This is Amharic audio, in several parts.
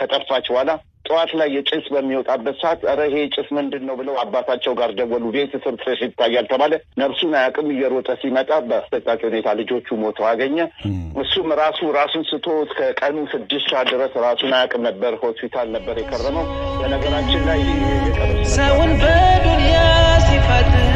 ከጠፋች በኋላ ጠዋት ላይ የጭስ በሚወጣበት ሰዓት ኧረ ይሄ ጭስ ምንድን ነው ብለው አባታቸው ጋር ደወሉ። ቤት ስር ትረሽ ይታያል ተባለ። ነፍሱን አያውቅም። እየሮጠ ሲመጣ በአስጠቃቂ ሁኔታ ልጆቹ ሞተው አገኘ። እሱም ራሱ ራሱን ስቶ እስከ ቀኑ ስድስት ሰዓት ድረስ ራሱን አያውቅም ነበር። ሆስፒታል ነበር የከረመው። በነገራችን ላይ ሰውን በዱንያ ሲፈትን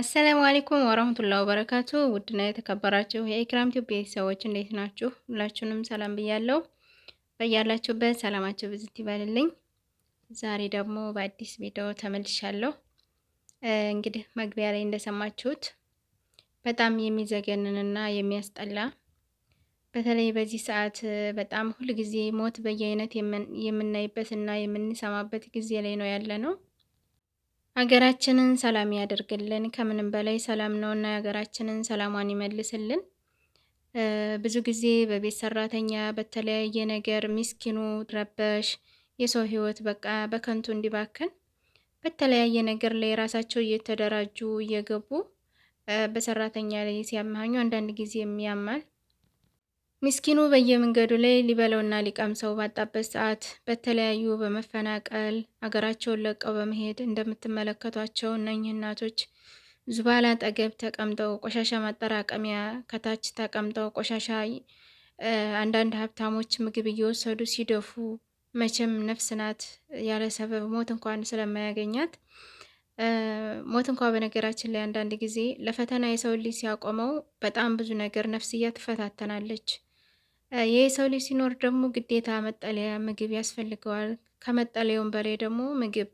አሰላሙ አሌይኩም ወረህመቱላሂ ወበረካቱ ውድና የተከበራችሁ የኢክራም ቲዩብ ቤተሰቦች እንዴት ናችሁ? ሁላችሁንም ሰላም ብያለሁ። በያላችሁበት ሰላማችሁ ብዝት ይበልልኝ። ዛሬ ደግሞ በአዲስ ቪዲዮ ተመልሻለሁ። እንግዲህ መግቢያ ላይ እንደሰማችሁት በጣም የሚዘገንንና የሚያስጠላ በተለይ በዚህ ሰዓት በጣም ሁልጊዜ ሞት በየአይነት የምናይበት እና የምንሰማበት ጊዜ ላይ ነው ያለ ነው ሀገራችንን ሰላም ያደርግልን። ከምንም በላይ ሰላም ነውና የሀገራችንን ሰላሟን ይመልስልን። ብዙ ጊዜ በቤት ሰራተኛ በተለያየ ነገር ሚስኪኑ ረበሽ የሰው ህይወት በቃ በከንቱ እንዲባክን በተለያየ ነገር ላይ ራሳቸው እየተደራጁ እየገቡ በሰራተኛ ላይ ሲያመሃኙ አንዳንድ ጊዜ የሚያማል። ምስኪኑ በየመንገዱ ላይ ሊበለውና ሊቀምሰው ባጣበት ሰዓት በተለያዩ በመፈናቀል አገራቸውን ለቀው በመሄድ እንደምትመለከቷቸው እነኚህ እናቶች ዙባላ አጠገብ ተቀምጠው ቆሻሻ ማጠራቀሚያ ከታች ተቀምጠው ቆሻሻ አንዳንድ ሀብታሞች ምግብ እየወሰዱ ሲደፉ፣ መቼም ነፍስ ናት ያለ ሰበብ ሞት እንኳን ስለማያገኛት ሞት እንኳ በነገራችን ላይ አንዳንድ ጊዜ ለፈተና የሰው ልጅ ሲያቆመው በጣም ብዙ ነገር ነፍስያ ትፈታተናለች። የሰው ልጅ ሲኖር ደግሞ ግዴታ መጠለያ፣ ምግብ ያስፈልገዋል። ከመጠለያውም በላይ ደግሞ ምግብ፣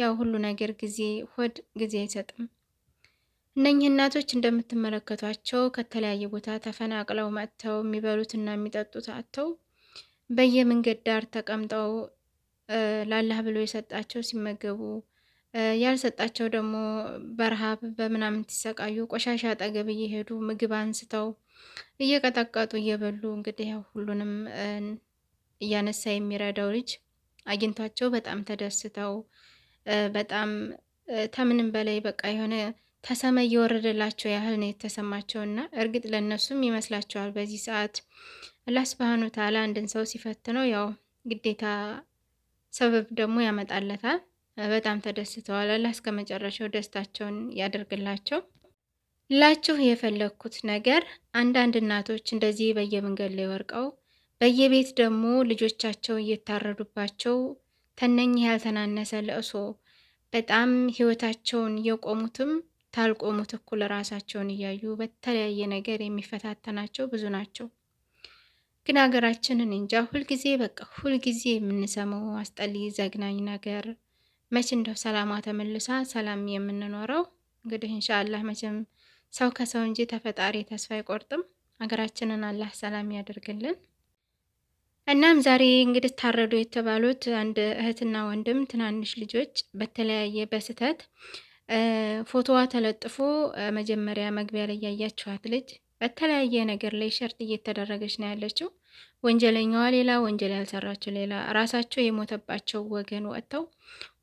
ያው ሁሉ ነገር ጊዜ ሆድ ጊዜ አይሰጥም። እነኚህ እናቶች እንደምትመለከቷቸው ከተለያየ ቦታ ተፈናቅለው መጥተው የሚበሉትና የሚጠጡት አጥተው በየመንገድ ዳር ተቀምጠው ላላህ ብሎ የሰጣቸው ሲመገቡ ያልሰጣቸው ደግሞ በረሃብ በምናምን ሲሰቃዩ ቆሻሻ አጠገብ እየሄዱ ምግብ አንስተው እየቀጠቀጡ እየበሉ እንግዲህ ሁሉንም እያነሳ የሚረዳው ልጅ አግኝቷቸው በጣም ተደስተው በጣም ከምንም በላይ በቃ የሆነ ከሰማይ እየወረደላቸው ያህል ነው የተሰማቸው እና እርግጥ ለእነሱም ይመስላቸዋል። በዚህ ሰዓት አላህ ስብሃኑ ተዓላ አንድን ሰው ሲፈትነው ያው ግዴታ ሰበብ ደግሞ ያመጣለታል። በጣም ተደስተዋል። አላህ እስከ መጨረሻው ደስታቸውን ያደርግላቸው። ላችሁ የፈለግኩት ነገር አንዳንድ እናቶች እንደዚህ በየመንገድ ላይ ወርቀው በየቤት ደግሞ ልጆቻቸው እየታረዱባቸው ተነኝህ ያልተናነሰ ለእሶ በጣም ህይወታቸውን የቆሙትም ታልቆሙት እኩል ራሳቸውን እያዩ በተለያየ ነገር የሚፈታተናቸው ብዙ ናቸው። ግን ሀገራችንን እንጃ ሁልጊዜ በቃ ሁልጊዜ የምንሰማው አስጠሊ ዘግናኝ ነገር መቼ እንደው ሰላሟ ተመልሳ ሰላም የምንኖረው እንግዲህ ኢንሻአላህ። መቼም ሰው ከሰው እንጂ ተፈጣሪ ተስፋ አይቆርጥም። ሀገራችንን አላህ ሰላም ያደርግልን። እናም ዛሬ እንግዲህ ታረዱ የተባሉት አንድ እህትና ወንድም ትናንሽ ልጆች በተለያየ በስህተት ፎቶዋ ተለጥፎ መጀመሪያ መግቢያ ላይ ያያችኋት ልጅ በተለያየ ነገር ላይ ሸርጥ እየተደረገች ነው ያለችው። ወንጀለኛዋ ሌላ፣ ወንጀል ያልሰራችው ሌላ። ራሳቸው የሞተባቸው ወገን ወጥተው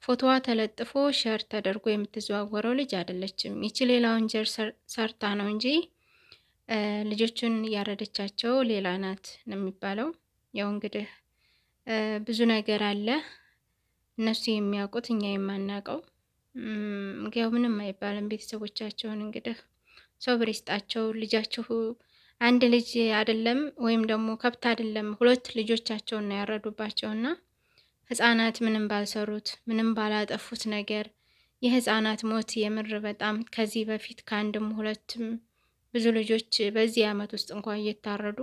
ፎቶዋ ተለጥፎ ሸር ተደርጎ የምትዘዋወረው ልጅ አይደለችም። ይቺ ሌላ ወንጀል ሰርታ ነው እንጂ ልጆቹን ያረደቻቸው ሌላ ናት ነው የሚባለው። ያው እንግዲህ ብዙ ነገር አለ እነሱ የሚያውቁት እኛ የማናውቀው። ያው ምንም አይባልም። ቤተሰቦቻቸውን እንግዲህ ሰው ብር ይስጣቸው አንድ ልጅ አይደለም ወይም ደግሞ ከብት አይደለም ሁለት ልጆቻቸውን ነው እና ህጻናት ምንም ባልሰሩት ምንም ባላጠፉት ነገር የህጻናት ሞት የምር በጣም ከዚህ በፊት ከአንድም ሁለትም ብዙ ልጆች በዚህ አመት ውስጥ እንኳ እየታረዱ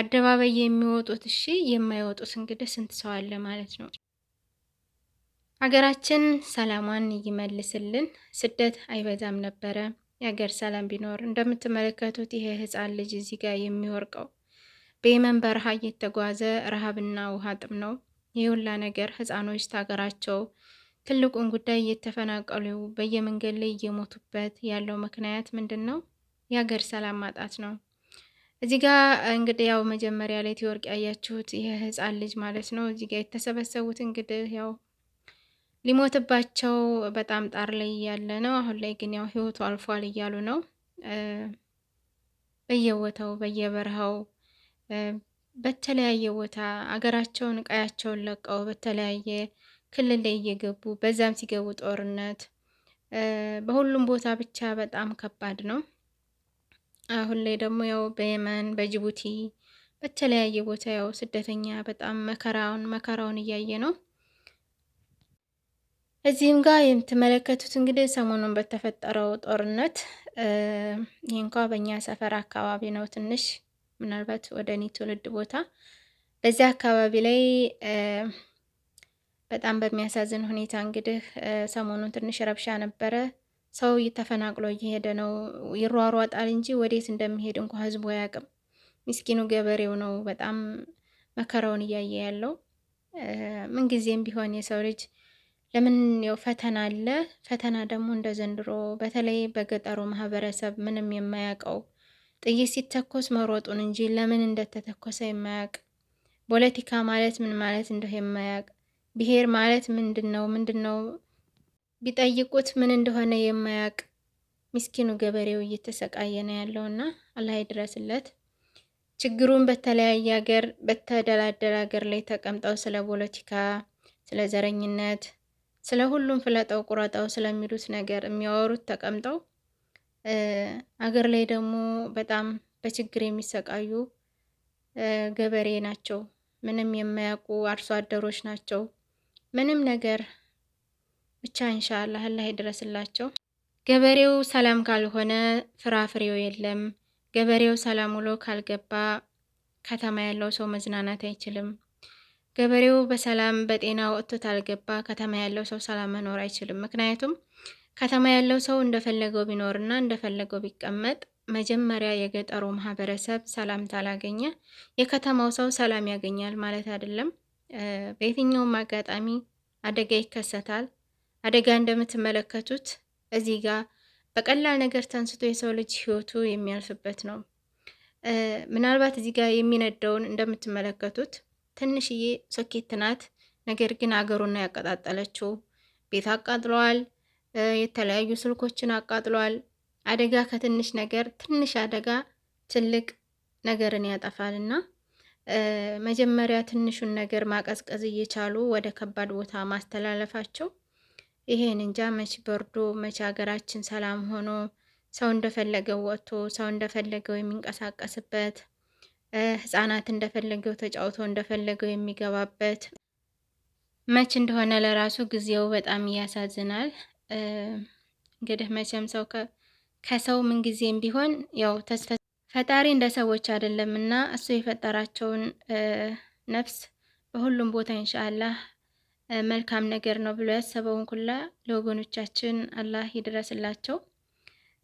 አደባባይ የሚወጡት እሺ፣ የማይወጡት እንግዲህ ስንት ሰው አለ ማለት ነው። ሀገራችን ሰላሟን ይመልስልን። ስደት አይበዛም ነበረ። የሀገር ሰላም ቢኖር እንደምትመለከቱት ይሄ ህፃን ልጅ እዚህ ጋር የሚወርቀው በየመን በረሃ እየተጓዘ ረሃብና ውሃ ጥም ነው። ይህ ሁላ ነገር ህፃኖች ታገራቸው ትልቁን ጉዳይ እየተፈናቀሉ በየመንገድ ላይ እየሞቱበት ያለው ምክንያት ምንድን ነው? የሀገር ሰላም ማጣት ነው። እዚህ ጋር እንግዲህ ያው መጀመሪያ ላይ ትወርቅ ያያችሁት ይህ ህፃን ልጅ ማለት ነው። እዚህ ጋር የተሰበሰቡት እንግዲህ ያው ሊሞትባቸው በጣም ጣር ላይ እያለ ነው። አሁን ላይ ግን ያው ህይወቱ አልፏል እያሉ ነው። በየቦታው በየበረሃው በተለያየ ቦታ አገራቸውን ቀያቸውን ለቀው በተለያየ ክልል ላይ እየገቡ በዛም ሲገቡ ጦርነት በሁሉም ቦታ ብቻ በጣም ከባድ ነው። አሁን ላይ ደግሞ ያው በየመን በጅቡቲ በተለያየ ቦታ ያው ስደተኛ በጣም መከራውን መከራውን እያየ ነው። እዚህም ጋር የምትመለከቱት እንግዲህ ሰሞኑን በተፈጠረው ጦርነት ይህ እንኳ በእኛ ሰፈር አካባቢ ነው፣ ትንሽ ምናልባት ወደ እኔ ትውልድ ቦታ በዚያ አካባቢ ላይ በጣም በሚያሳዝን ሁኔታ እንግዲህ ሰሞኑን ትንሽ ረብሻ ነበረ። ሰው ተፈናቅሎ እየሄደ ነው። ይሯሯጣል እንጂ ወዴት እንደሚሄድ እንኳ ህዝቡ አያውቅም። ምስኪኑ ገበሬው ነው በጣም መከራውን እያየ ያለው። ምንጊዜም ቢሆን የሰው ልጅ ለምን ያው ፈተና አለ። ፈተና ደግሞ እንደ ዘንድሮ በተለይ በገጠሩ ማህበረሰብ ምንም የማያውቀው ጥይት ሲተኮስ መሮጡን እንጂ ለምን እንደተተኮሰ የማያውቅ ፖለቲካ ማለት ምን ማለት እንደሆነ የማያውቅ ብሔር ማለት ምንድን ነው ምንድን ነው ቢጠይቁት ምን እንደሆነ የማያውቅ ምስኪኑ ገበሬው እየተሰቃየ ነው ያለውና አላህ ይድረስለት። ችግሩን በተለያየ ሀገር በተደላደለ ሀገር ላይ ተቀምጠው ስለ ፖለቲካ ስለ ዘረኝነት ስለ ሁሉም ፍለጠው ቁረጠው ስለሚሉት ነገር የሚያወሩት ተቀምጠው፣ አገር ላይ ደግሞ በጣም በችግር የሚሰቃዩ ገበሬ ናቸው። ምንም የማያውቁ አርሶ አደሮች ናቸው። ምንም ነገር ብቻ እንሻላህ አላህ ይድረስላቸው። ገበሬው ሰላም ካልሆነ ፍራፍሬው የለም። ገበሬው ሰላም ውሎ ካልገባ ከተማ ያለው ሰው መዝናናት አይችልም። ገበሬው በሰላም በጤና ወጥቶ ታልገባ ከተማ ያለው ሰው ሰላም መኖር አይችልም። ምክንያቱም ከተማ ያለው ሰው እንደፈለገው ቢኖርና እንደፈለገው ቢቀመጥ መጀመሪያ የገጠሩ ማህበረሰብ ሰላም ታላገኘ የከተማው ሰው ሰላም ያገኛል ማለት አይደለም። በየትኛውም አጋጣሚ አደጋ ይከሰታል። አደጋ እንደምትመለከቱት እዚህ ጋር በቀላል ነገር ተንስቶ የሰው ልጅ ህይወቱ የሚያልፍበት ነው። ምናልባት እዚህ ጋር የሚነደውን እንደምትመለከቱት ትንሽዬ ሶኬት ናት። ነገር ግን አገሩና ያቀጣጠለችው ቤት አቃጥለዋል። የተለያዩ ስልኮችን አቃጥለዋል። አደጋ ከትንሽ ነገር ትንሽ አደጋ ትልቅ ነገርን ያጠፋል እና መጀመሪያ ትንሹን ነገር ማቀዝቀዝ እየቻሉ ወደ ከባድ ቦታ ማስተላለፋቸው ይሄን እንጃ መች በርዶ መች ሀገራችን ሰላም ሆኖ ሰው እንደፈለገው ወጥቶ ሰው እንደፈለገው የሚንቀሳቀስበት ህጻናት እንደፈለገው ተጫውቶ እንደፈለገው የሚገባበት መች እንደሆነ ለራሱ ጊዜው በጣም ያሳዝናል። እንግዲህ መቼም ሰው ከሰው ምንጊዜም ቢሆን ያው ፈጣሪ እንደ ሰዎች አይደለም እና እሱ የፈጠራቸውን ነፍስ በሁሉም ቦታ ኢንሻአላህ መልካም ነገር ነው ብሎ ያሰበውን ኩላ ለወገኖቻችን አላህ ይድረስላቸው።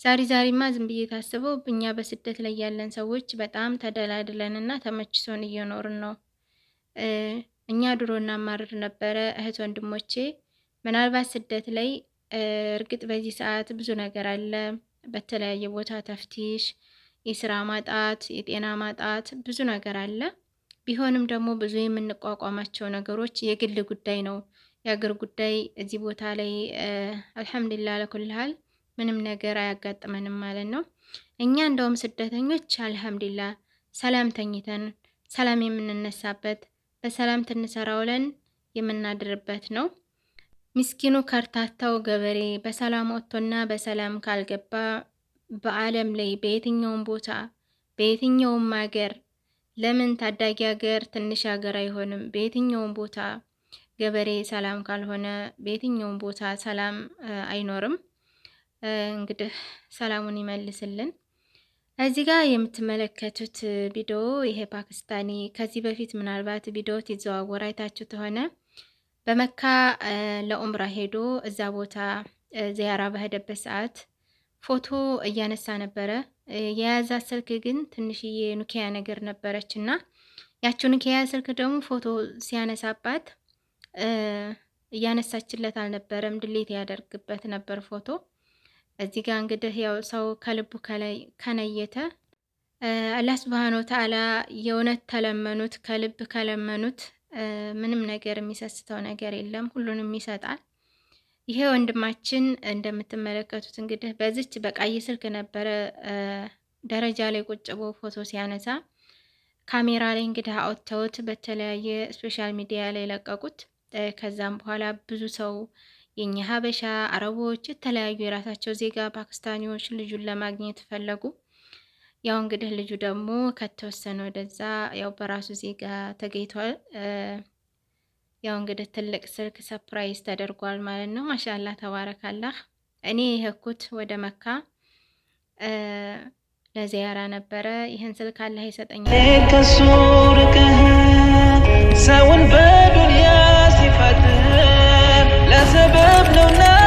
ዛሬ ዛሬማ ዝም ብዬ ታስበው እኛ በስደት ላይ ያለን ሰዎች በጣም ተደላድለን እና ተመችሶን እየኖርን ነው። እኛ ድሮ እናማርር ነበረ እህት ወንድሞቼ። ምናልባት ስደት ላይ እርግጥ በዚህ ሰዓት ብዙ ነገር አለ። በተለያየ ቦታ ተፍቲሽ፣ የስራ ማጣት፣ የጤና ማጣት ብዙ ነገር አለ። ቢሆንም ደግሞ ብዙ የምንቋቋማቸው ነገሮች የግል ጉዳይ ነው። የአገር ጉዳይ እዚህ ቦታ ላይ አልሐምዱሊላህ ለኩልሃል ምንም ነገር አያጋጥመንም ማለት ነው። እኛ እንደውም ስደተኞች አልሐምዱላ ሰላም ተኝተን ሰላም የምንነሳበት በሰላም ትንሰራ ውለን የምናድርበት ነው። ምስኪኑ ከርታታው ገበሬ በሰላም ወጥቶና በሰላም ካልገባ በዓለም ላይ በየትኛውም ቦታ በየትኛውም ሀገር ለምን ታዳጊ ሀገር ትንሽ ሀገር አይሆንም። በየትኛውም ቦታ ገበሬ ሰላም ካልሆነ በየትኛውም ቦታ ሰላም አይኖርም። እንግዲህ ሰላሙን ይመልስልን። እዚህ ጋር የምትመለከቱት ቪዲዮ ይሄ ፓኪስታኒ ከዚህ በፊት ምናልባት ቪዲዮ ይዘዋወር አይታችሁ ከሆነ በመካ ለኡምራ ሄዶ እዛ ቦታ ዚያራ በሄደበት ሰዓት ፎቶ እያነሳ ነበረ። የያዛት ስልክ ግን ትንሽዬ ኑኪያ ነገር ነበረች እና ያችው ኑኪያ ስልክ ደግሞ ፎቶ ሲያነሳባት እያነሳችለት አልነበረም፣ ድሌት ያደርግበት ነበር ፎቶ እዚህ ጋር እንግዲህ ያው ሰው ከልቡ ከነየተ አላህ ሱብሃነ ወተዓላ የእውነት ተለመኑት ከልብ ከለመኑት ምንም ነገር የሚሰስተው ነገር የለም፣ ሁሉንም ይሰጣል። ይሄ ወንድማችን እንደምትመለከቱት እንግዲህ በዚች በቀይ ስልክ ነበረ ደረጃ ላይ ቁጭ ብሎ ፎቶ ሲያነሳ ካሜራ ላይ እንግዲህ አውጥተውት በተለያየ ስፔሻል ሚዲያ ላይ ለቀቁት። ከዛም በኋላ ብዙ ሰው የኛ ሀበሻ አረቦች፣ የተለያዩ የራሳቸው ዜጋ ፓኪስታኒዎች ልጁን ለማግኘት ፈለጉ። ያው እንግዲህ ልጁ ደግሞ ከተወሰነ ወደዛ ያው በራሱ ዜጋ ተገኝቷል። ያው እንግዲህ ትልቅ ስልክ ሰፕራይዝ ተደርጓል ማለት ነው። ማሻላ ተባረካላህ። እኔ የሄድኩት ወደ መካ ለዚያራ ነበረ። ይህን ስልክ አላህ ይሰጠኛል። ከሱ ሰውን love, no, no.